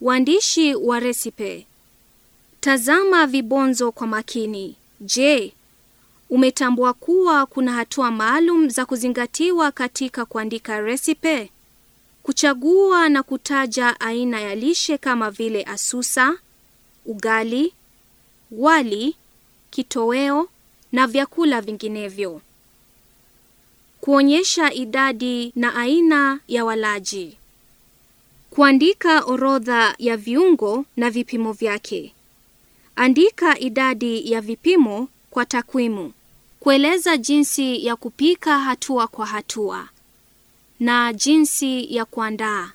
Waandishi wa resipe, tazama vibonzo kwa makini. Je, umetambua kuwa kuna hatua maalum za kuzingatiwa katika kuandika resipe? Kuchagua na kutaja aina ya lishe kama vile asusa, ugali, wali, kitoweo na vyakula vinginevyo. Kuonyesha idadi na aina ya walaji. Kuandika orodha ya viungo na vipimo vyake. Andika idadi ya vipimo kwa takwimu. Kueleza jinsi ya kupika hatua kwa hatua na jinsi ya kuandaa.